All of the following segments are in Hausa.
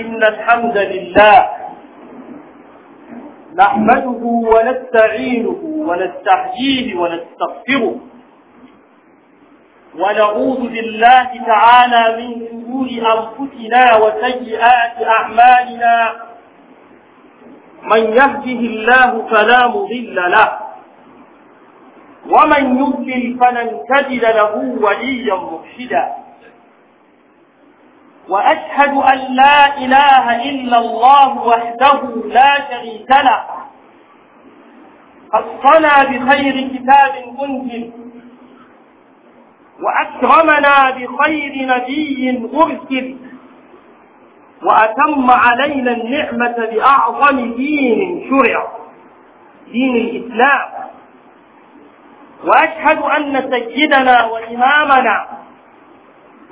إن الحمد لله نحمده ونستعينه ونستحييه ونستغفره ونعوذ بالله تعالى من شرور أنفسنا وسيئات أعمالنا من يهده الله فلا مضل له ومن يضلل فلن تجد له وليا مرشدا وأشهد أن لا إله إلا الله وحده لا شريك له خصنا بخير كتاب أنزل وأكرمنا بخير نبي أرسل وأتم علينا النعمة بأعظم دين شرع دين الإسلام وأشهد أن سيدنا وإمامنا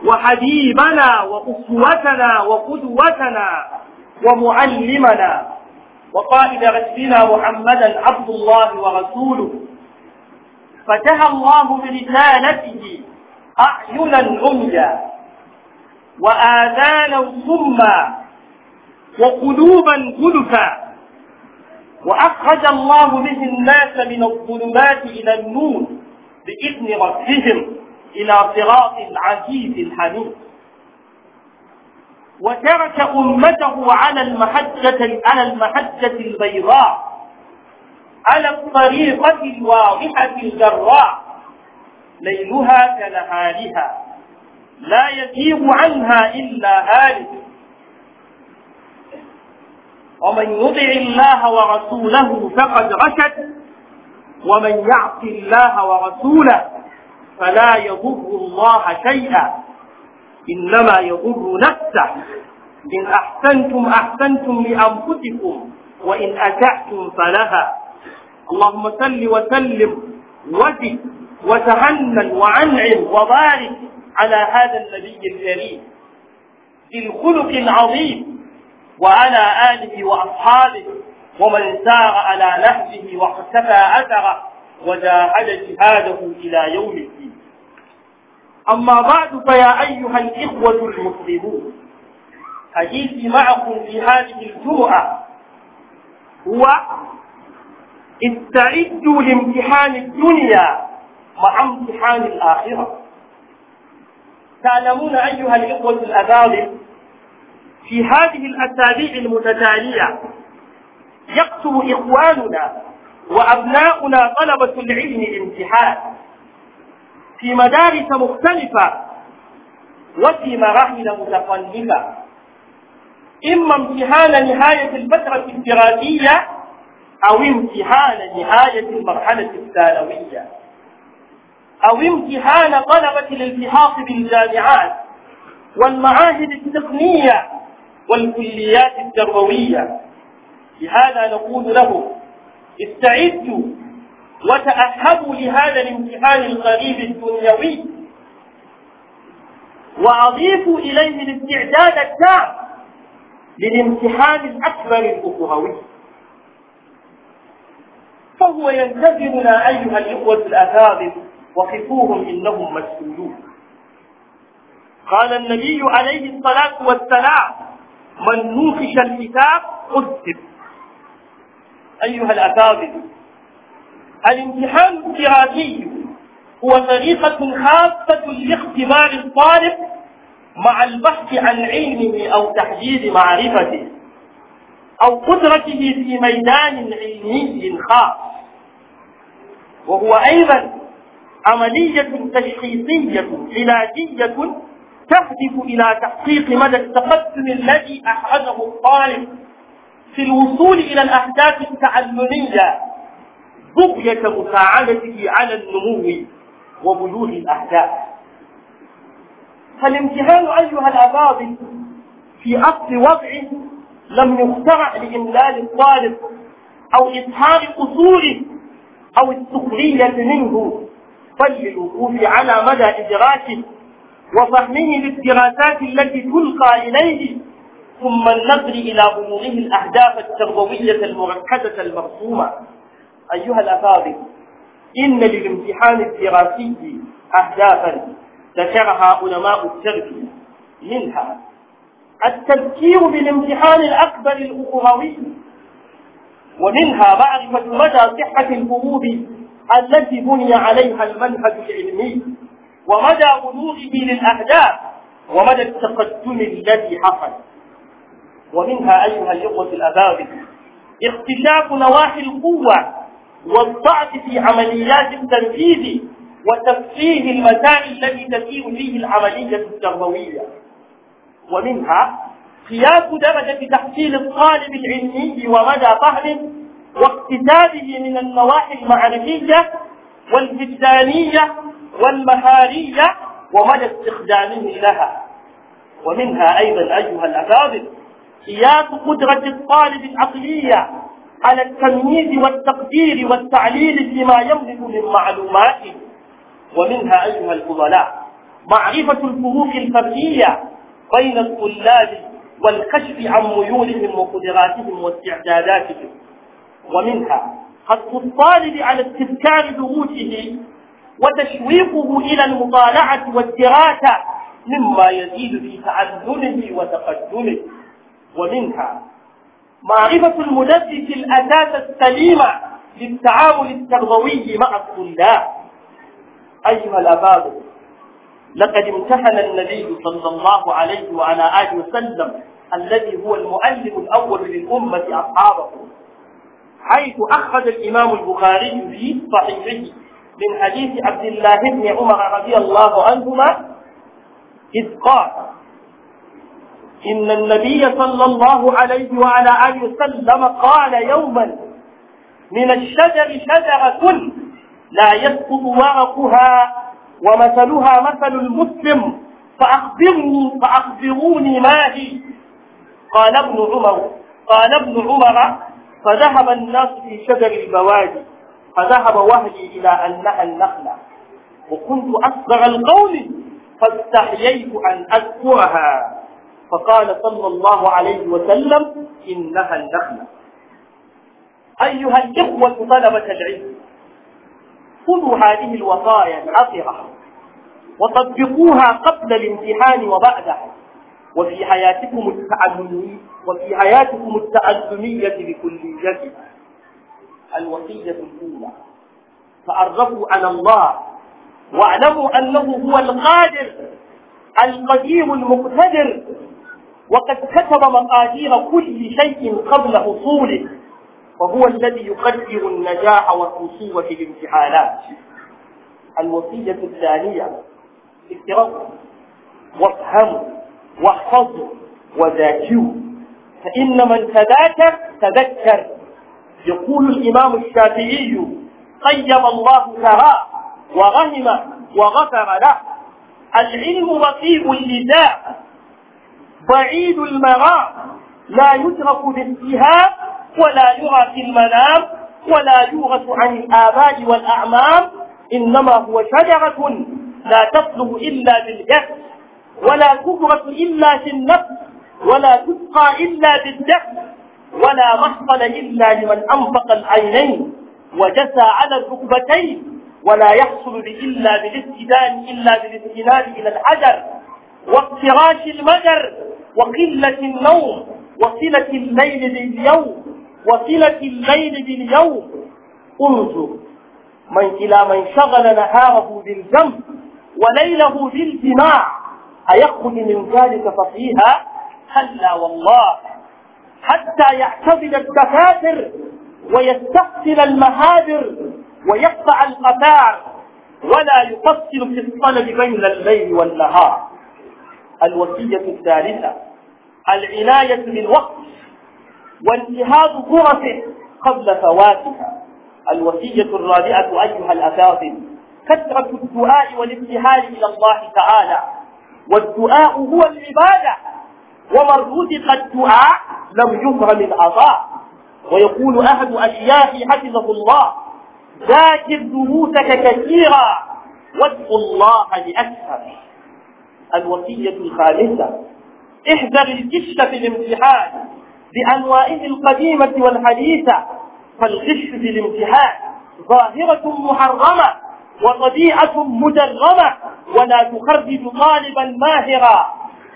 وحبيبنا وأسوتنا وقدوتنا ومعلمنا وقائد رسلنا محمدا عبد الله ورسوله فتهى الله برسالته أعينا عميا وآذانا صما وقلوبا جلفا وأخرج الله به الناس من الظلمات إلى النور بإذن ربهم إلى صراط العزيز الحنون وترك أمته على المحجة على المحجة البيضاء على الطريقة الواضحة الجراء ليلها كنهارها لا يزيغ عنها إلا هالك ومن يطع الله ورسوله فقد رشد ومن يعص الله ورسوله فلا يضر الله شيئا إنما يضر نفسه إن أحسنتم أحسنتم لأنفسكم وإن أسأتم فلها اللهم صل وسلم وزد وتهنن وعنعم وبارك على هذا النبي الكريم ذي الخلق العظيم وعلى آله وأصحابه ومن سار على نهجه واقتفى أثره وجاهد جهاده إلى يوم الدين أما بعد فيا أيها الإخوة المسلمون حديثي معكم في هذه الجمعة هو استعدوا لامتحان الدنيا مع امتحان الآخرة تعلمون أيها الإخوة الأباضل في هذه الأسابيع المتتالية يكتب إخواننا وأبناؤنا طلبة العلم الامتحان في مدارس مختلفة وفي مراحل متقلبة إما امتحان نهاية الفترة الدراسية أو امتحان نهاية المرحلة الثانوية أو امتحان طلبة الالتحاق بالجامعات والمعاهد التقنية والكليات التربوية لهذا نقول له استعدوا وتأهبوا لهذا الامتحان الغريب الدنيوي وأضيفوا إليه الاستعداد التام للامتحان الأكبر الأخروي فهو ينتظرنا أيها الإخوة الأفاضل وقفوهم إنهم مسؤولون قال النبي عليه الصلاة والسلام من نوقش الكتاب قذب أيها الأفاضل الامتحان الدراسي هو طريقة خاصة لاختبار الطالب مع البحث عن علمه أو تحديد معرفته أو قدرته في ميدان علمي خاص وهو أيضا عملية تشخيصية علاجية تهدف إلى تحقيق مدى التقدم الذي أحرزه الطالب في الوصول إلى الأهداف التعلمية بغية مساعدته على النمو وبلوغ الأهداف فالامتهان أيها الأفاضل في أصل وضع لم يخترع لإملال الطالب أو إظهار قصوره أو السخرية منه بل للوقوف على مدى إدراكه وفهمه للدراسات التي تلقى إليه ثم النظر إلى بلوغه الأهداف التربوية المركزة المرسومة أيها الأفاضل إن للامتحان الدراسي أهدافا ذكرها علماء التربية منها التذكير بالامتحان الأكبر الأخروي ومنها معرفة مدى صحة الفروض التي بني عليها المنهج العلمي ومدى بلوغه للأهداف ومدى التقدم الذي حصل ومنها أيها الإخوة الأبابل اختلاف نواحي القوة والضعف في عمليات التنفيذ وتفقيه المكان الذي تسير فيه العملية التربوية ومنها قياس درجة تحصيل الطالب العلمي ومدى فهمه واكتسابه من النواحي المعرفية والوجدانية والمهارية ومدى استخدامه لها ومنها أيضا أيها الأفاضل قياس قدرة الطالب العقلية على التمييز والتقدير والتعليل فيما يملك من معلومات ومنها أيها الفضلاء معرفة الفروق الفردية بين الطلاب والكشف عن ميولهم وقدراتهم واستعداداتهم ومنها حث الطالب على استذكار دروسه وتشويقه إلى المطالعة والدراسة مما يزيد في تعلمه وتقدمه ومنها معرفة المدرس الأساس السليمة للتعامل التربوي مع الطلاب أيها الأباء لقد امتحن النبي صلى الله عليه وعلى آله وسلم الذي هو المؤلم الأول للأمة أصحابه حيث أخذ الإمام البخاري في صحيحه من حديث عبد الله بن عمر رضي الله عنهما إذ قال إن النبي صلى الله عليه وعلى آله وسلم قال يوما من الشجر شجرة لا يسقط ورقها ومثلها مثل المسلم فأخبرني فأخبروني ما هي قال ابن عمر قال ابن عمر فذهب الناس في شجر البوادي فذهب وهلي إلى أنها النخلة وكنت أصغر القول فاستحييت أن أذكرها فقال صلى الله عليه وسلم إنها النخلة أيها الإخوة طلبة العلم خذوا هذه الوصايا العطرة وطبقوها قبل الامتحان وبعده وفي حياتكم التعلمية وفي حياتكم التعلمية جديد الوصية الأولى فأرغبوا على الله واعلموا أنه هو القادر القدير المقتدر وقد كتب مقادير كل شيء قبل حصوله وهو الذي يقدر النجاح والخصوة في الامتحانات الوصية الثانية افترقوا وافهموا واحفظوا وذاكروا فإن من تذاكر تذكر يقول الإمام الشافعي قيم الله ثراه وغنم وغفر له العلم رقيب النزاع بعيد المراء لا يدرك بالجهاد ولا يرى في المنام ولا يورث عن الآباء والأعمام إنما هو شجرة لا تصلح إلا بالجهل ولا كبرة إلا في النفس ولا تسقى إلا بالدهر ولا محصل إلا لمن أنفق العينين وجسى على الركبتين ولا يحصل إلا بالاستدان إلا بالاستناد إلى الحجر وافتراش المجر وقلة النوم وصلة الليل باليوم وصلة الليل باليوم انظر من إلى من شغل نهاره بالذنب وليله بالجماع أيخرج من ذلك فقيها هلا والله حتى يعتزل الدفاتر ويستقتل المهابر ويقطع القطار ولا يقصر في الطلب بين الليل والنهار الوصية الثالثة العناية بالوقت وانتهاز فرصه قبل فواتها الوصية الرابعة أيها الأساتذة كثرة الدعاء والابتهال إلى الله تعالى والدعاء هو العبادة ومن رزق الدعاء لم يهرم العطاء ويقول أحد أشياء حفظه الله ذاكر دروسك كثيرا وادعو الله لأكثر الوصية الخامسة احذر الغش في الامتحان بأنواعه القديمة والحديثة فالغش في الامتحان ظاهرة محرمة وطبيعة مجرمة ولا تخرج طالبا ماهرا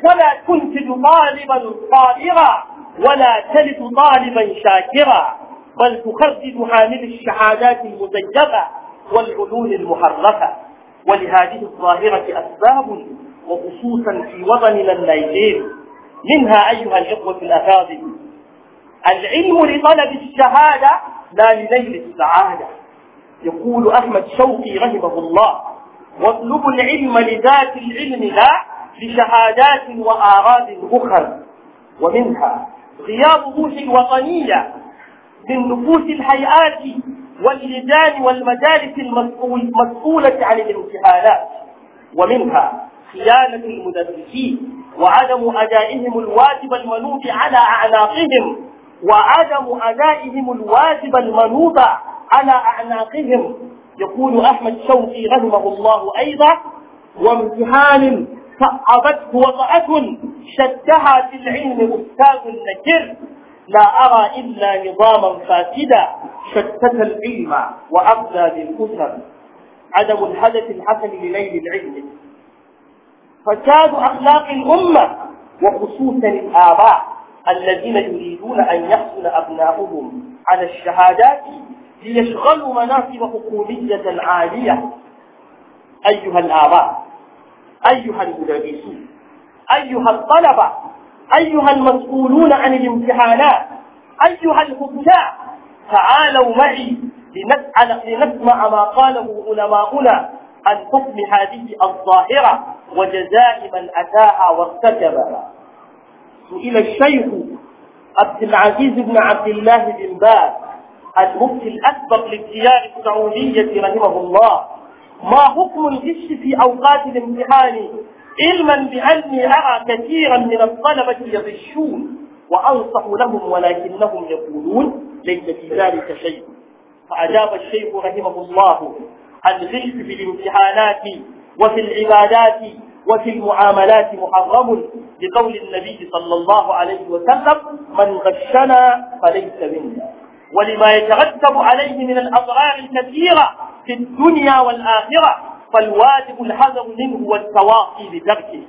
ولا تنتج طالبا طائرا ولا تلد طالبا شاكرا بل تخرج حامل الشهادات المزيفة والعلوم المحرفة ولهذه الظاهرة أسباب وخصوصا في وطننا النيجيري منها أيها الإخوة الأفاضل العلم لطلب الشهادة لا لنيل السعادة يقول أحمد شوقي رحمه الله واطلبوا العلم لذات العلم لا لشهادات وآراض أخر ومنها غياب روح الوطنية من نفوس الهيئات واللجان والمدارس المسؤولة عن الامتحانات ومنها خيانة المدرسين وعدم أدائهم الواجب المنوط على أعناقهم وعدم أدائهم الواجب المنوط على أعناقهم يقول أحمد شوقي رحمه الله أيضا وامتحان صعبته وضعة شدها في العلم أستاذ نكر لا أرى إلا نظاما فاسدا شتت العلم وأبدى للأسر عدم الهدف الحسن لنيل العلم فساد أخلاق الأمة وخصوصا الآباء الذين يريدون أن يحصل أبناؤهم على الشهادات ليشغلوا مناصب حكومية عالية أيها الآباء أيها المدرسون أيها الطلبة أيها المسؤولون عن الامتحانات أيها الحكام تعالوا معي لنسمع ما قاله علماؤنا عن حكم هذه الظاهرة وجزاء من أتاها وارتكبها سئل الشيخ عبد العزيز بن عبد الله بن باز المفتي الأكبر للديار السعودية رحمه الله ما حكم الغش في أوقات الامتحان علما بأني أرى كثيرا من الطلبة يغشون وأنصح لهم ولكنهم يقولون ليس في ذلك شيء فأجاب الشيخ رحمه الله الغش في الامتحانات وفي العبادات وفي المعاملات محرم لقول النبي صلى الله عليه وسلم من غشنا فليس منا ولما يترتب عليه من الأضرار الكثيرة في الدنيا والآخرة فالواجب الحذر منه والتواصي بتركه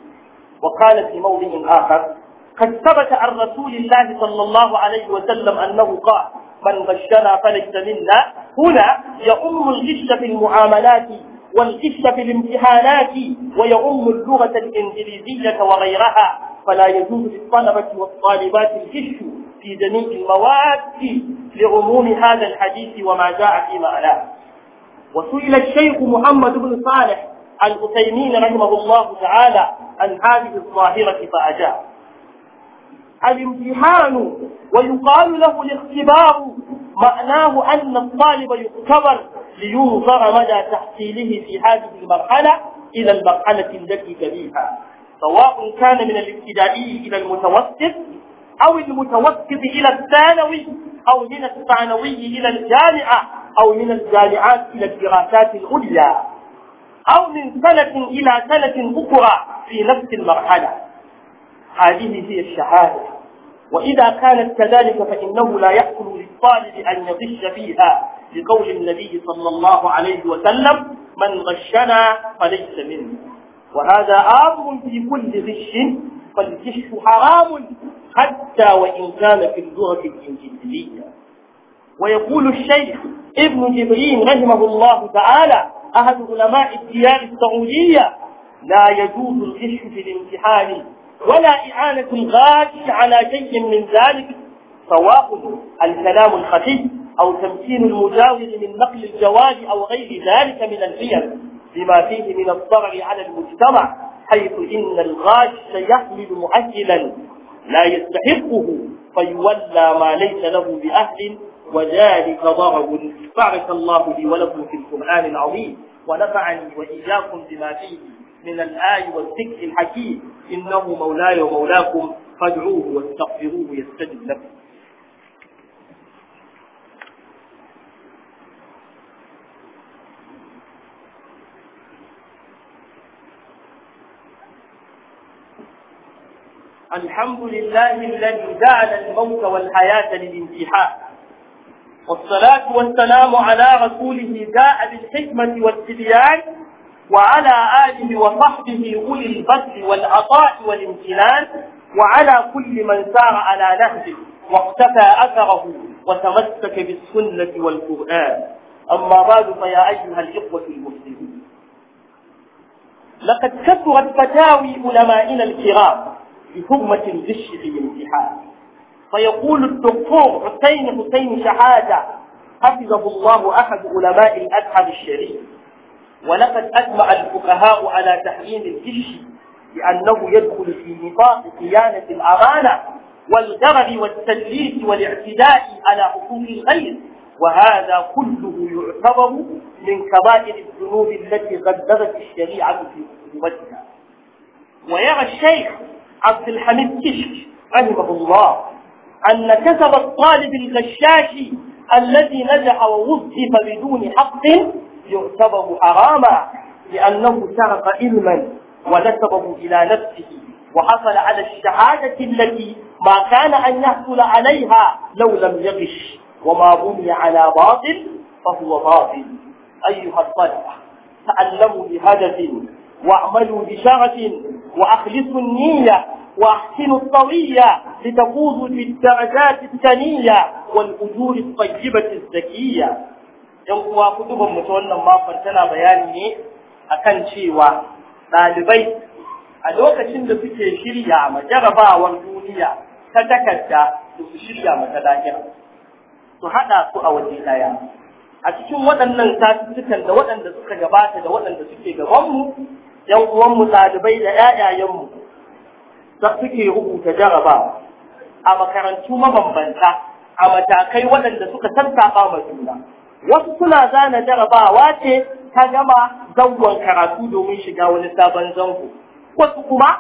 وقال في موضع آخر قد ثبت عن رسول الله صلى الله عليه وسلم أنه قال من غشنا فليس منا هنا يؤم الغش في المعاملات والغش في الامتحانات ويؤم اللغة الإنجليزية وغيرها فلا يجوز للطلبة والطالبات الغش في جميع المواد لعموم هذا الحديث وما جاء في معناه وسئل الشيخ محمد بن صالح الأثيمين رحمه الله تعالى عن هذه الظاهرة فأجاب الامتحان ويقال له الاختبار معناه أن الطالب يختبر لينظر مدى تحصيله في هذه المرحلة إلى المرحلة التي تليها سواء كان من الابتدائي إلى المتوسط أو المتوسط إلى الثانوي أو من الثانوي إلى الجامعة أو من الجامعات إلى الدراسات العليا أو من سنة إلى سنة أخرى في نفس المرحلة هذه هي الشهادة وإذا كانت كذلك فإنه لا يحكم الطالب أن يغش فيها لقول النبي صلى الله عليه وسلم من غشنا فليس منه وهذا آمر في كل غش فالغش حرام حتى وإن كان في اللغة الإنجليزية ويقول الشيخ ابن جبريل رحمه الله تعالى أحد علماء الديار السعودية لا يجوز الغش في الامتحان ولا إعانة الغاش على شيء من ذلك تواخذ الكلام الخفي أو تمكين المجاور من نقل الجواب أو غير ذلك من الحيل بما فيه من الضرر على المجتمع حيث إن الغاش سيحمل معجلا لا يستحقه فيولى ما ليس له بأهل وذلك ضرر بارك الله لي ولكم في القرآن العظيم ونفعني وإياكم بما فيه من الآي والذكر الحكيم إنه مولاي ومولاكم فادعوه واستغفروه يستجب لكم الحمد لله الذي جعل الموت والحياة للانتحاء والصلاة والسلام على رسوله جاء بالحكمة والتبيان وعلى آله وصحبه أولي البذل والعطاء والامتنان وعلى كل من سار على نهجه واقتفى أثره وتمسك بالسنة والقرآن أما بعد فيا أيها الإخوة المسلمين لقد كثرت فتاوي علمائنا الكرام بهمة الغش في الامتحان فيقول الدكتور حسين حسين شهادة حفظه الله أحد علماء الأزهر الشريف ولقد أجمع الفقهاء على تحريم الغش لأنه يدخل في نطاق خيانة الأمانة والغرر والتدليس والاعتداء على حقوق الغير وهذا كله يعتبر من كبائر الذنوب التي غدرت الشريعة في عقوبتها ويرى الشيخ عبد الحميد كشك رحمه الله أن كسب الطالب الغشاش الذي نجح ووظف بدون حق يعتبر حراما لأنه سرق علما ونسبه إلى نفسه وحصل على الشهادة التي ما كان أن يحصل عليها لو لم يغش وما بني على باطل فهو باطل أيها الطلبة تعلموا بهدف واعملوا بشغف وأخلصوا النية وأحسنوا الطوية لتفوزوا بالدرجات الثانية والأجور الطيبة الزكية ينقوا كتبا متولى ما فرتنا بياني akan cewa ɗalibai a lokacin da suke shirya ma jarabawar duniya ta takarda su shirya mata lahira su haɗa su a waje ɗaya a cikin waɗannan satuttukan da waɗanda suka gabata da waɗanda suke gabanmu ‘yan uwanmu ɗalibai da ‘ya'yayenmu suke rubuta jaraba a makarantu mabambanta a matakai waɗanda suka sassaɓa ma juna wasu suna zana jarabawa ce ta gama zangon karatu domin shiga wani sabon zango wasu kuma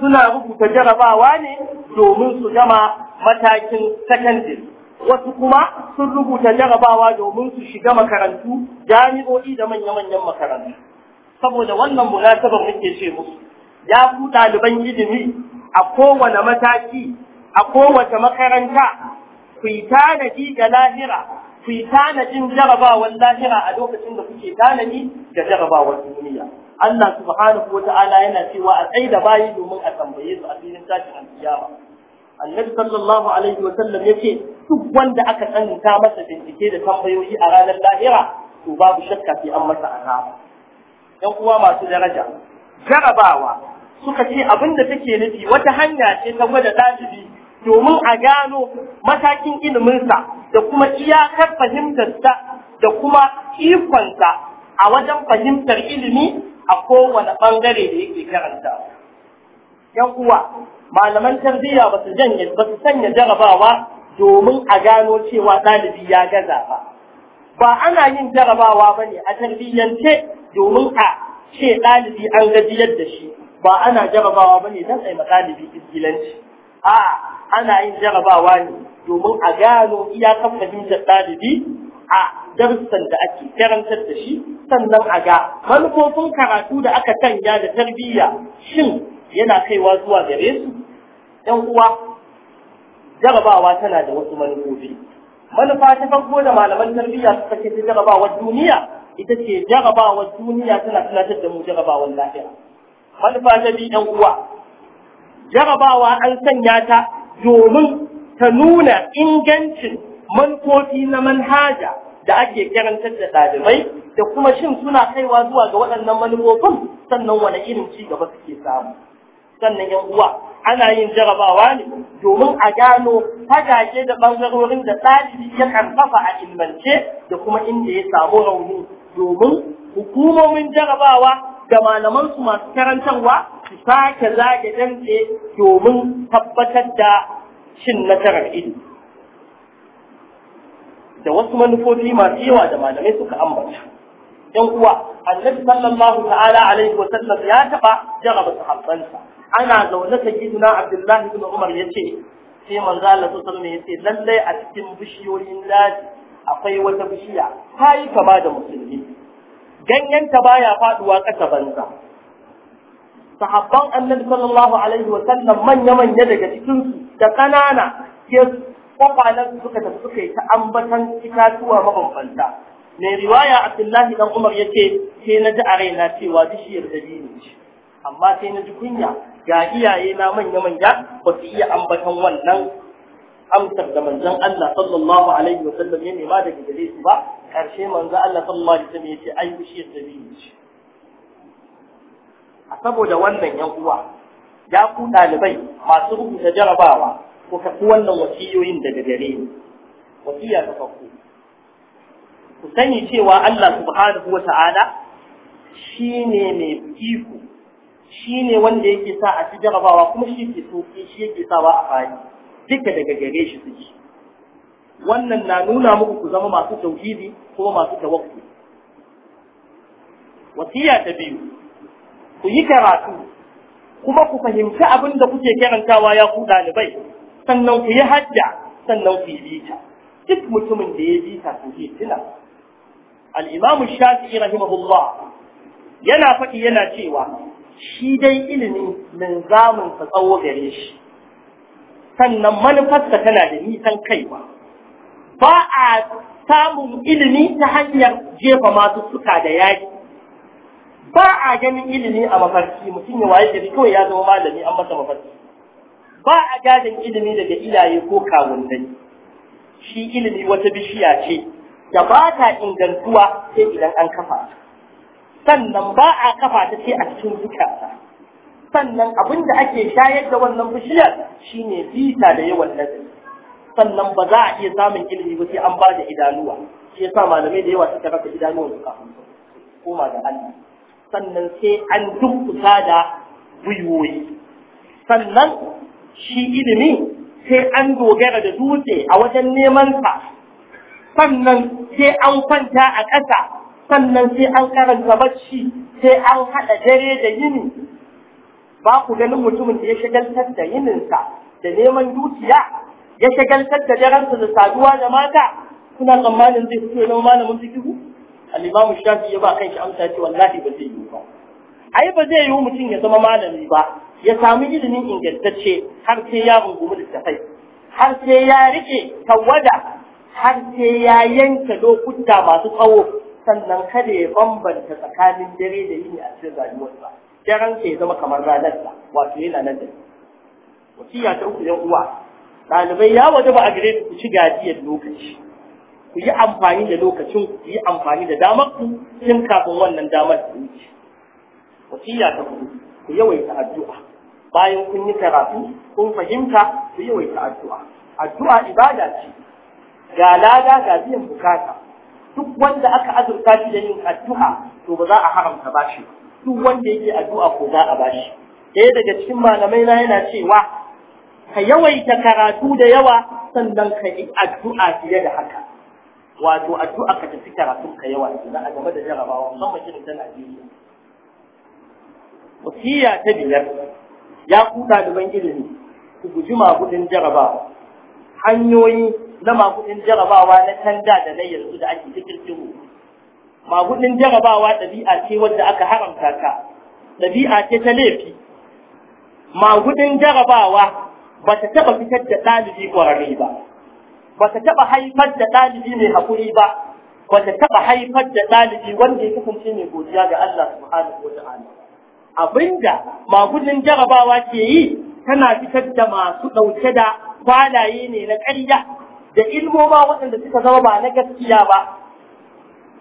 suna rubuta jarabawa ne domin su gama matakin sakandare wasu kuma sun rubuta jarabawa domin su shiga makarantu jami'o'i da manya-manyan makarantu saboda wannan munasabar muke ce musu ya fi ɗaliban ilimi a kowane mataki a kowace makaranta ku yi tanadi ga lahira ku yi tanadin jarabawar lahira a lokacin da kuke tanadi ga jarabawar duniya Allah subhanahu wata'ala yana cewa a tsaye da bayi domin a tambaye su a filin tashin alkiyama annabi sallallahu alaihi wa sallam yake, duk wanda aka tsananta masa bincike da tambayoyi a ranar lahira to babu shakka sai an masa azaba yan uwa masu daraja jarabawa suka ce abin da take nufi wata hanya ce ta gwada ɗalibi domin a gano matakin iliminsa da kuma iyakar fahimtarsa da kuma ikonsa a wajen fahimtar ilimi a kowane ɓangare da yake karanta. ‘Yan uwa, malaman tarbiyya ba su sanya jarabawa domin a gano cewa ɗalibi ya gaza ba. Ba ana yin jarabawa ba ne a tarbiyyance domin a ce ɗalibi an gajiyar da shi ba ana jarabawa ba ne don a yi ɗalibi izgilanci a ana yin jarabawa ne domin a gano kafa fahimtar ɗalibi a darussan da ake karantar da shi sannan a ga manufofin karatu da aka tanya da tarbiyya shin yana kaiwa zuwa gare su ɗan uwa jarabawa tana da wasu manufofi manufa ta farko da malaman tarbiyya suka ce ta jarabawar duniya ita ce jarabawar duniya tana tunatar da mu jarabawar lahira manufa ta bi ɗan uwa jarabawa an sanya ta domin ta nuna ingancin manufofi na manhaja da ake karantar da ɗalibai da kuma shin suna kaiwa zuwa ga waɗannan manufofin sannan wani irin ci gaba suke samu sannan yan uwa ana yin jarabawa ne domin a gano fagage da ɓangarorin da ɗalibi ya karfafa a ilmance da kuma inda ya samu rauni domin hukumomin jarabawa da malaman su masu karantarwa su sake zage dantse domin tabbatar da cin nasarar ilimi da wasu manufofi masu yawa da malamai suka ambata yan uwa Allah sallallahu ta'ala alaihi wa sallam ya taba jaraba sahabbansa ana zaune ta na abdullahi bin umar ce, sai manzo Allah sallallahu ya ce, Lallai a cikin bishiyoyin daji akwai wata bishiya ta yi kama da musulmi ganyenta baya faduwa ƙasa banza sahabban annabi sallallahu alaihi wa sallam manya manya daga cikin su da kanana ya kwakwalan suka tafi suka ta ambatan itatuwa mabambanta mai riwaya abdullahi dan umar yake sai na ji a raina cewa bishiyar dabino ce amma sai na ji kunya ga iyaye na manya manya ba su iya ambatan wannan amsar da manzon Allah sallallahu alaihi wasallam yana ba daga gare su ba karshe manzon Allah sallallahu alaihi wasallam ya ce da biyu dabino ce saboda wannan yan uwa ya ku dalibai masu rubuta jarabawa ko kafi wannan wasiyoyin daga gare ni wasiya ta farko ku sani cewa Allah subhanahu wata'ala shine mai iko shine wanda yake sa a ci jarabawa kuma shi ke so shi yake sawa a fadi duka daga gare shi suke wannan na nuna muku ku zama masu tauhidi kuma masu tawakku wasiya ta biyu ku yi karatu kuma ku fahimci abin da kuke karantawa ya ku ɗalibai sannan ku yi hajja sannan ku yi bita duk mutumin da ya bita ku yi tuna al-imam shafi'i rahimahullah yana faɗi yana cewa shi dai ilimi nan zamun sa tsawo gare shi sannan manufarsa tana da nisan kaiwa ba a samun ilimi ta hanyar jefa masu suka da yaki ba a ganin ilimi a mafarki mutum ya waye gari kawai ya zama malami an masa mafarki ba a gadon ilimi daga iyaye ko kawunnai shi ilimi wata bishiya ce da ba ta ingantuwa sai idan an kafa sannan ba a kafa ta ce a cikin zukata sannan abin da ake shayar da wannan bishiyar shine bita da yawan nazari sannan ba za a iya samun ilimi ba sai an ba da idanuwa shi sa malamai da yawa suka rasa idanuwa da kafin koma da Allah sannan sai an dunkusa da gwiwoyi sannan shi ilimi sai an dogara da dutse a wajen neman sa sannan sai an kwanta a ƙasa sannan sai an karanta bacci sai an haɗa dare da yini ba ku ganin mutumin da ya shagaltar da yininsa da neman dukiya ya shagaltar da jaransa da saduwa da mata kuna tsammanin zai fito zama malamin fikihu al shafi ya ba shi amsa ce wallahi ba zai yi ba ai ba zai yi mutum ya zama malami ba ya samu ilimin ingantacce har sai ya rungumi littafai har sai ya rike tawada har sai ya yanke lokuta masu tsawo sannan kada ya bambanta tsakanin dare da yini a cikin rayuwarsa daren ya zama kamar ranar ta wato yana nan da wasiya ta uku yan uwa ɗalibai ya waje ba a gare ku ci gajiyar lokaci ku yi amfani da lokacin ku yi amfani da damar ku tun kafin wannan damar ku wuce wasiya ta uku ku yawaita addu'a bayan kun yi karatu kun fahimta ku yawaita addu'a addu'a ibada ce ga lada ga biyan bukata duk wanda aka azurta shi da yin addu'a to ba za a haramta ba shi ba duk wanda yake addu'a ko za a bashi Eh daga cikin malamai na yana cewa ka yawaita karatu da yawa sannan ka yi addu'a fiye da haka wato addu'a ka tafi karatun ka yawa da a game da jarabawa musamman irin ta Najeriya wasiya ta biyar ya ku ɗaliban ilimi ku guji magudin jarabawa hanyoyi na magudin jarabawa na tanda da na yanzu da ake cikin magudin jarabawa ɗabi'a ce wadda aka haramta ka ɗabi'a ce ta laifi magudin jarabawa ba ta taɓa fitar da ɗalibi ƙwararre ba ba ta taɓa haifar da ɗalibi mai haƙuri ba ba ta taɓa haifar da ɗalibi wanda ya kasance mai godiya ga Allah subhanahu wata'ala ta'ala abinda magudin jarabawa ke yi tana fitar da masu ɗauke da kwalaye ne na ƙarya da ilmoma waɗanda suka zama ba na gaskiya ba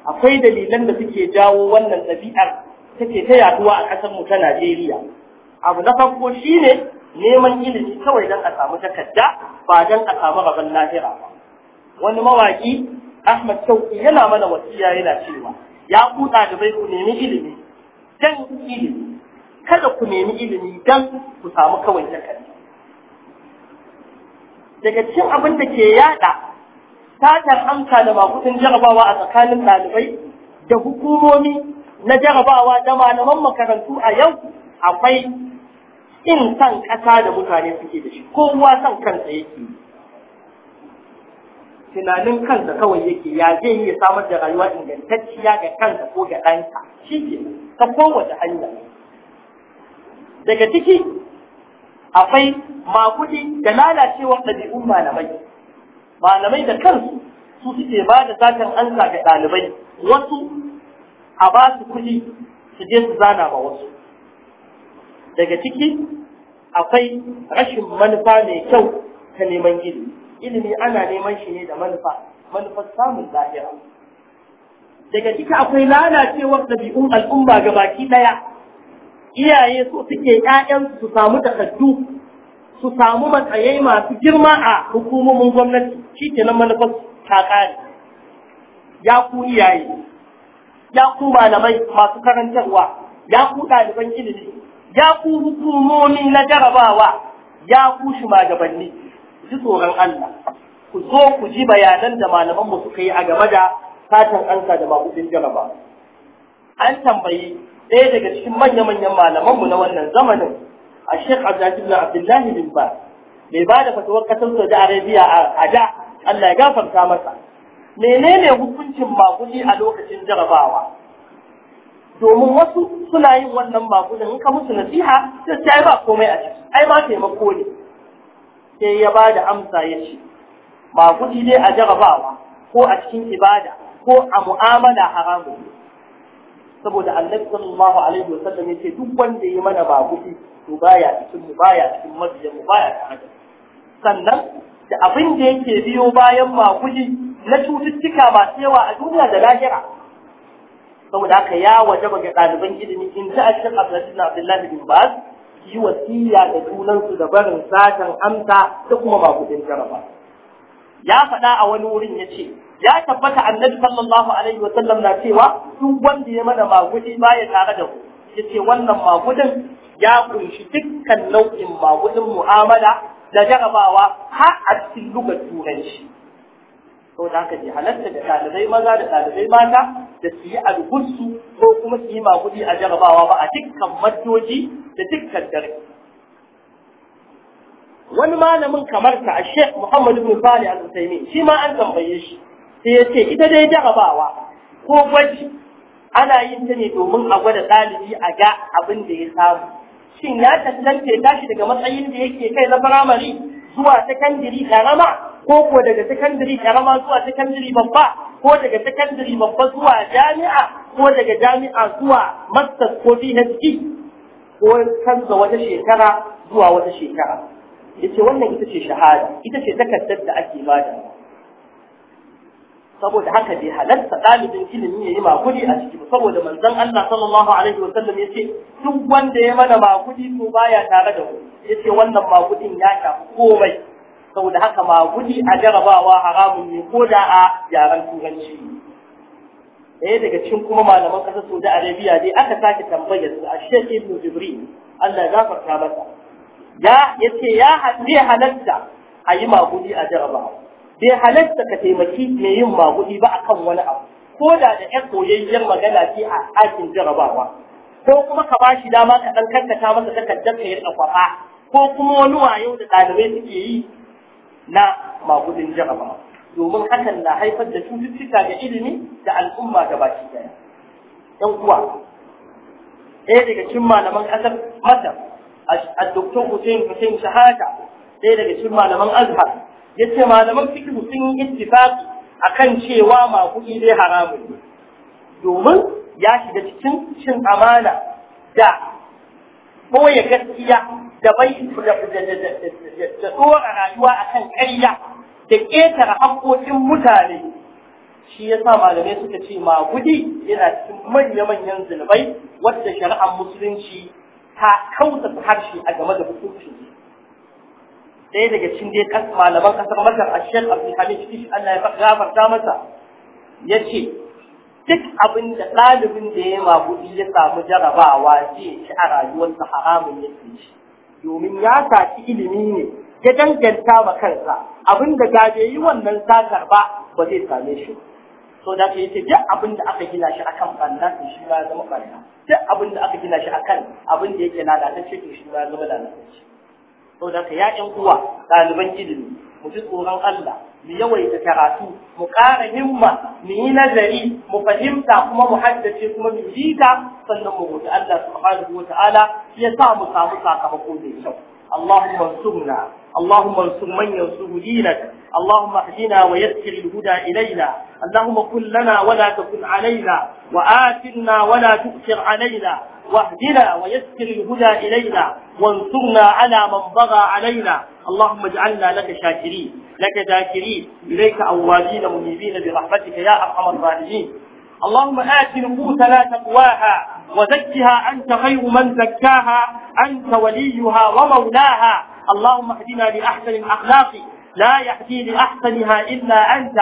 akwai dalilan da suke jawo wannan ɗabi'ar take ta yaduwa a ƙasar mu ta Najeriya abu na farko shine neman ilimi kawai don a samu takarda ba don a samu rabon lahira ba wani mawaki Ahmad Shauki yana mana wasiya yana cewa ya da bai ku nemi ilimi dan ilimi kada ku nemi ilimi dan ku samu kawai takarda daga cikin abin da ke yada satar amsa da makudin jarabawa a tsakanin ɗalibai da hukumomi na jarabawa da malaman makarantu a yau akwai in san ƙasa da mutane suke da shi kowa san kansa yake tunanin kansa kawai yake ya zai ya samar da rayuwa ingantacciya ga kansa ko ga ɗansa shi ke ta kowace hanya daga ciki akwai makuɗi da lalacewar ɗabi'un malamai malamai da kansu su suke ba da zakar ansa ga ɗalibai wasu a ba su kuɗi su je su zana ba wasu daga ciki akwai rashin manufa mai kyau ta neman ilimi ilimi ana neman shi ne da manufa manufar samun lahira daga ciki akwai lalacewar ɗabi'un al'umma ga baki ɗaya iyaye su suke 'ya'yansu su samu takaddu su samu matsayai masu girma a hukumomin gwamnati shi ke nan manufar ta ya ku iyaye ya ku malamai masu karantarwa ya ku ɗaliban ilimi ya ku hukumomi na jarabawa ya ku shugabanni ji tsoron Allah ku zo ku ji bayanan da malaman mu suka yi a game da satan ansa da mabudin jaraba an tambayi ɗaya daga cikin manya-manyan malaman mu na wannan zamanin a shek abdullahi bin ba mai ba da fatawar kasar saudi arabia a da allah ya gafarta masa menene hukuncin maguɗi a lokacin jarabawa domin wasu suna yin wannan maguɗin in ka musu nasiha sai ta ba komai a ciki ai ma taimako ne sai ya ba da amsa ya ce maguɗi dai a jarabawa ko a cikin ibada ko a mu'amala haramun saboda Allah sallallahu alaihi wasallam yace duk wanda ya mana ba gudi to baya cikin mu baya cikin mabiyan mu baya tare sannan da abin da yake biyo bayan gudi na cututtuka masu yawa a duniya da lahira saboda haka ya waje ga ɗaliban ilimi in ta a cikin abdullahi abdullahi bin baz yi wasiya da junansu da barin satan amsa da kuma magudin jaraba ya faɗa a wani wurin yace ya tabbata annabi sallallahu alaihi Sallam na cewa duk wanda ya mana magudi baya tare da ku ce wannan magudin ya kunshi dukkan nau'in magudin mu'amala da jarabawa har a cikin lugar turanci to da haka halatta da ɗalibai maza da ɗalibai mata da su yi algusu ko kuma su yi magudi a jarabawa ba a dukkan maddoji da dukkan dare wani malamin kamar ta a Sheikh Muhammad ibn Fali al-Uthaymeen shi ma an tambaye shi sai ya ce ita dai jarabawa ko gwaji ana yin ta ne domin a gwada ɗalibi a ga abin da ya samu shin ya tantance tashi daga matsayin da yake kai na firamare zuwa sakandiri karama ko ko daga sakandiri karama zuwa sakandiri babba ko daga sakandiri babba zuwa jami'a ko daga jami'a zuwa master ko PhD ko canza wata shekara zuwa wata shekara yace wannan ita ce shahada ita ce takardar da ake bada saboda haka bai halarta ɗalibin ilimi ya yi makudi a ciki saboda manzon Allah sallallahu alaihi wasallam ya ce duk wanda ya mana makudi to baya tare da mu ya ce wannan makudin ya shafi komai saboda haka makudi a jarabawa haramun ne ko da a yaren turanci ɗaya daga cikin kuma malaman ƙasar Saudi Arabia dai aka sake tambayar su a Sheikh Ibn Jibril Allah ya gafarta masa ya yace ya halarta a yi makudi a jarabawa bai halatta ka taimaki mai yin maguɗi ba akan wani abu ko da da ƴan koyayyen magana ce a ɗakin jarabawa ko kuma ka bashi dama ka ɗan kankata masa takardar ka yadda kwafa ko kuma wani wayo da ɗalibai suke yi na maguɗin jarabawa domin hakan na haifar da cututtuka ga ilimi da al'umma ga baki ɗaya ɗan uwa ɗaya daga cikin malaman ƙasar masar a doktor hussein hussein shahada ɗaya daga cikin malaman azhar yace malaman fiqh sun yi ittifaq akan cewa makuɗi dai haramun ne domin ya shiga cikin cin amana da ɓoye gaskiya da bai da tsora rayuwa akan ƙarya da ƙetare haƙƙoƙin mutane shi ya sa malamai suka ce magudi yana cikin manya-manyan zunubai wadda shari'ar musulunci ta kausa harshe a game da hukunci ɗaya daga cikin dai malaman kasar masar a shek abdulhamid kishi allah ya gafarta masa ya ce duk abin da ɗalibin da ya maguɗi ya samu jarabawa zai ci a rayuwarsa haramun ya shi. domin ya saci ilimi ne ya danganta ma kansa abin da ga yi wannan sakar ba ba zai same shi so da ke duk abin da aka gina shi akan banna to shi ya zama banna duk abin da aka gina shi akan abin da yake lalatacce to shi ya zama lalatacce saboda ka ya uwa ɗaliban ilimi mu ji tsoron Allah mu yawaita karatu mu ƙara himma mu yi nazari mu fahimta kuma mu haddace kuma mu jita sannan mu roƙi Allah subhanahu wa ta'ala ya sa mu samu sakamako mai kyau اللهم انصرنا اللهم انصر من ينصر دينك اللهم اهدنا ويسر الهدى إلينا اللهم كن لنا ولا تكن علينا وآتنا ولا تؤثر علينا واهدنا ويسر الهدى إلينا وانصرنا على من بغى علينا اللهم اجعلنا لك شاكرين لك ذاكرين إليك أوابين منيبين برحمتك يا أرحم الراحمين اللهم آت نفوسنا تقواها وزكها أنت خير من زكاها أنت وليها ومولاها اللهم اهدنا لأحسن الأخلاق لا يأتي لأحسنها إلا أنت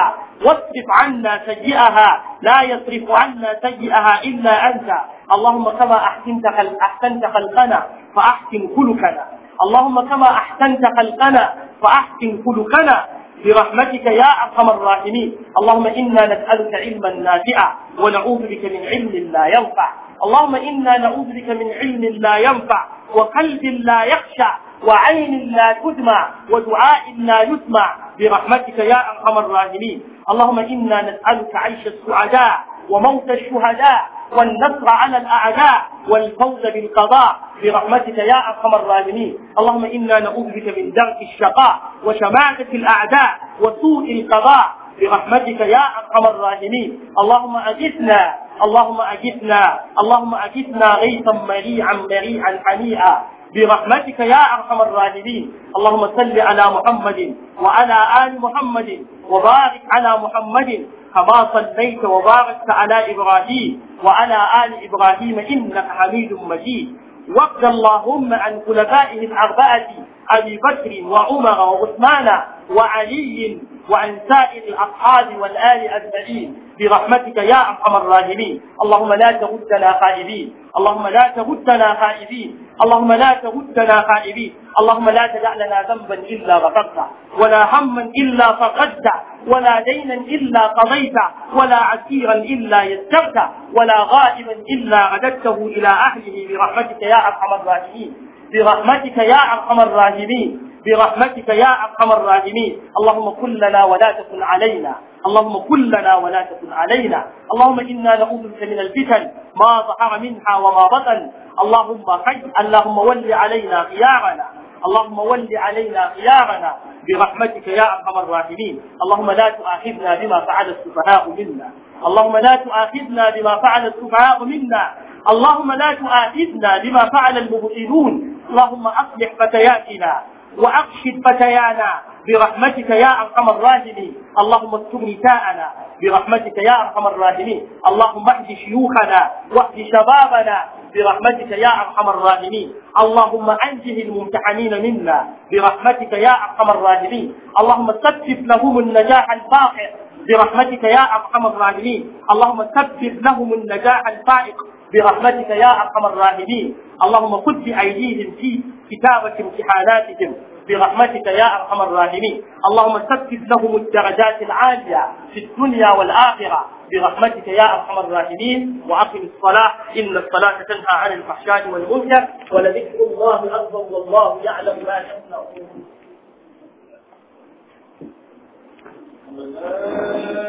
واصرف عنا سيئها لا يصرف عنا سيئها إلا أنت اللهم كما أحسنت أحسنت خلقنا فأحسن خلقنا اللهم كما أحسنت خلقنا فأحسن خلقنا برحمتك يا أرحم الراحمين اللهم إنا نسألك علما نافعا ونعوذ بك من علم لا ينفع اللهم إنا نعوذ بك من علم لا ينفع وقلب لا يخشع وعين لا تدمع ودعاء لا يسمع برحمتك يا أرحم الراحمين اللهم إنا نسألك عيش السعداء وموت الشهداء والنصر على الأعداء والفوز بالقضاء برحمتك يا أرحم الراحمين اللهم إنا نعوذ بك من درك الشقاء وشماتة الأعداء وسوء القضاء برحمتك يا أرحم الراحمين اللهم أجثنا اللهم أجثنا اللهم أجثنا غيثا مريعا مريعا حنيئا برحمتك يا أرحم الراحمين اللهم صل على محمد وعلى آل محمد وبارك على محمد كما صليت وباركت على إبراهيم وعلى آل إبراهيم إنك حميد مجيد وقد اللهم عن خلفائه الأربعة أبي بكر وعمر وعثمان وعلي وعن سائر الأصحاب والآل أجمعين برحمتك يا أرحم الراحمين اللهم لا تردنا خائبين اللهم لا تردنا خائبين اللهم لا تردنا خائبين اللهم لا تدع لنا ذنبا إلا غفرته ولا هما إلا فقدته ولا دينا إلا قضيته ولا عسيرا إلا يسرته ولا غائبا إلا عددته إلى أهله برحمتك يا أرحم الراحمين برحمتك يا أرحم الراحمين برحمتك يا أرحم الراحمين اللهم كن لنا ولا تكن علينا اللهم كن لنا ولا تكن علينا اللهم إنا نعوذ بك من الفتن ما ظهر منها وما بطن اللهم حي اللهم ول علينا خيارنا اللهم ول علينا خيارنا برحمتك يا أرحم الراحمين اللهم لا تؤاخذنا بما فعل السفهاء منا اللهم لا تؤاخذنا بما فعل السفهاء منا اللهم لا تؤاخذنا بما فعل المبطلون اللهم أصلح فتياتنا واقشد فتيانا برحمتك يا أرحم الراحمين اللهم استر نساءنا برحمتك يا أرحم الراحمين اللهم اهد شيوخنا واهد شبابنا برحمتك يا أرحم الراحمين اللهم أنجه الممتحنين منا برحمتك يا أرحم الراحمين اللهم سبب لهم النجاح الفائق برحمتك يا أرحم الراحمين اللهم سبب لهم النجاح الفائق برحمتك يا أرحم الراحمين اللهم خذ بأيديهم في كتابة امتحاناتهم برحمتك يا أرحم الراحمين اللهم سكت لهم الدرجات العالية في الدنيا والآخرة برحمتك يا أرحم الراحمين وأقم الصلاة إن الصلاة تنهى عن الفحشاء والمنكر ولذكر الله أكبر والله يعلم ما تصنعون